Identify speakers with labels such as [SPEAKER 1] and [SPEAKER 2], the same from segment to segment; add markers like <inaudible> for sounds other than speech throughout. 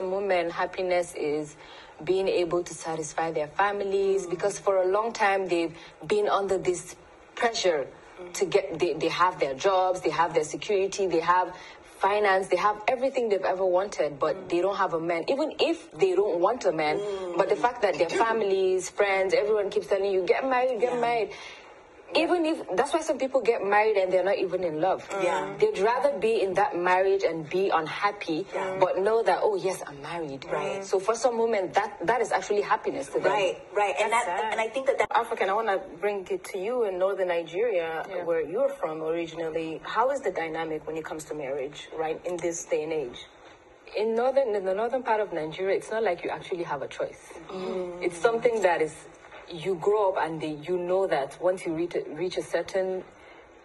[SPEAKER 1] women happiness is being able to satisfy their families mm. because for a long time they've been under this pressure mm. to get they, they have their jobs they have their security they have finance they have everything they've ever wanted but mm. they don't have a man even if they don't want a man but the fact that their <laughs> families friends everyone keeps telling you get married get yeah. married even if that's why some people get married and they're not even in love. Mm. Yeah. They'd rather be in that marriage and be unhappy, yeah. but know that oh yes, I'm married. Right. Mm. So for some women, that that is actually happiness to them. Right.
[SPEAKER 2] Right. and that and I think that that African. I want to bring it to you in northern Nigeria, yeah. where you're from originally.
[SPEAKER 1] How is the dynamic when it comes to marriage, right, in this day and age? in northern in the northern part of Nigeria, it's not like you actually have a choice. Mm. It's something that is you grow up and you know that once you reach a, reach a certain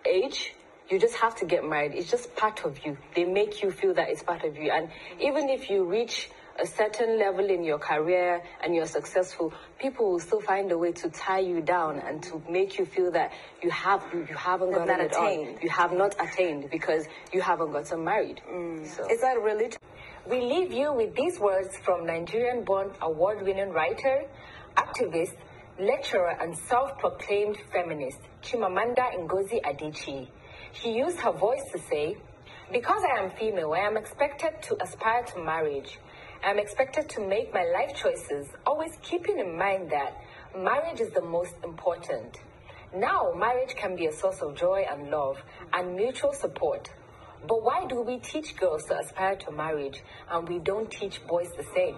[SPEAKER 1] age, you just have to get married. It's just part of you. They make you feel that it's part of you. And even if you reach a certain level in your career and you're successful, people will still find a way to tie you down and to make you feel that you have you, you haven't got gotten it on. You have not attained because you haven't gotten married. Mm. So. Is that religion? We leave you with these words from Nigerian-born award-winning writer, activist, lecturer and self-proclaimed feminist Chimamanda Ngozi Adichie. She used her voice to say, because I am female, I am expected to aspire to marriage. I am expected to make my life choices, always keeping in mind that marriage is the most important. Now, marriage can be a source of joy and love and mutual support. But why do we teach girls to aspire to marriage and we don't teach boys the same?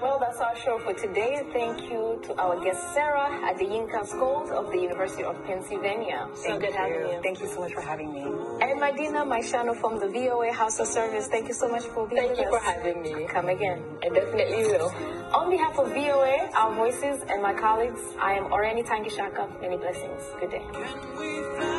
[SPEAKER 1] Well, that's our show for today. Thank you to our guest Sarah at the
[SPEAKER 2] Yinka Schools of the University of Pennsylvania. So thank good you. having you. Thank you so much for having me. And Madina Maishano from the VOA House of Service. Thank you so much for being thank with us. Thank you for having me. Come again. I definitely will. On behalf of VOA, our voices, and my colleagues, I am Orani Tangishaka. Many blessings. Good day.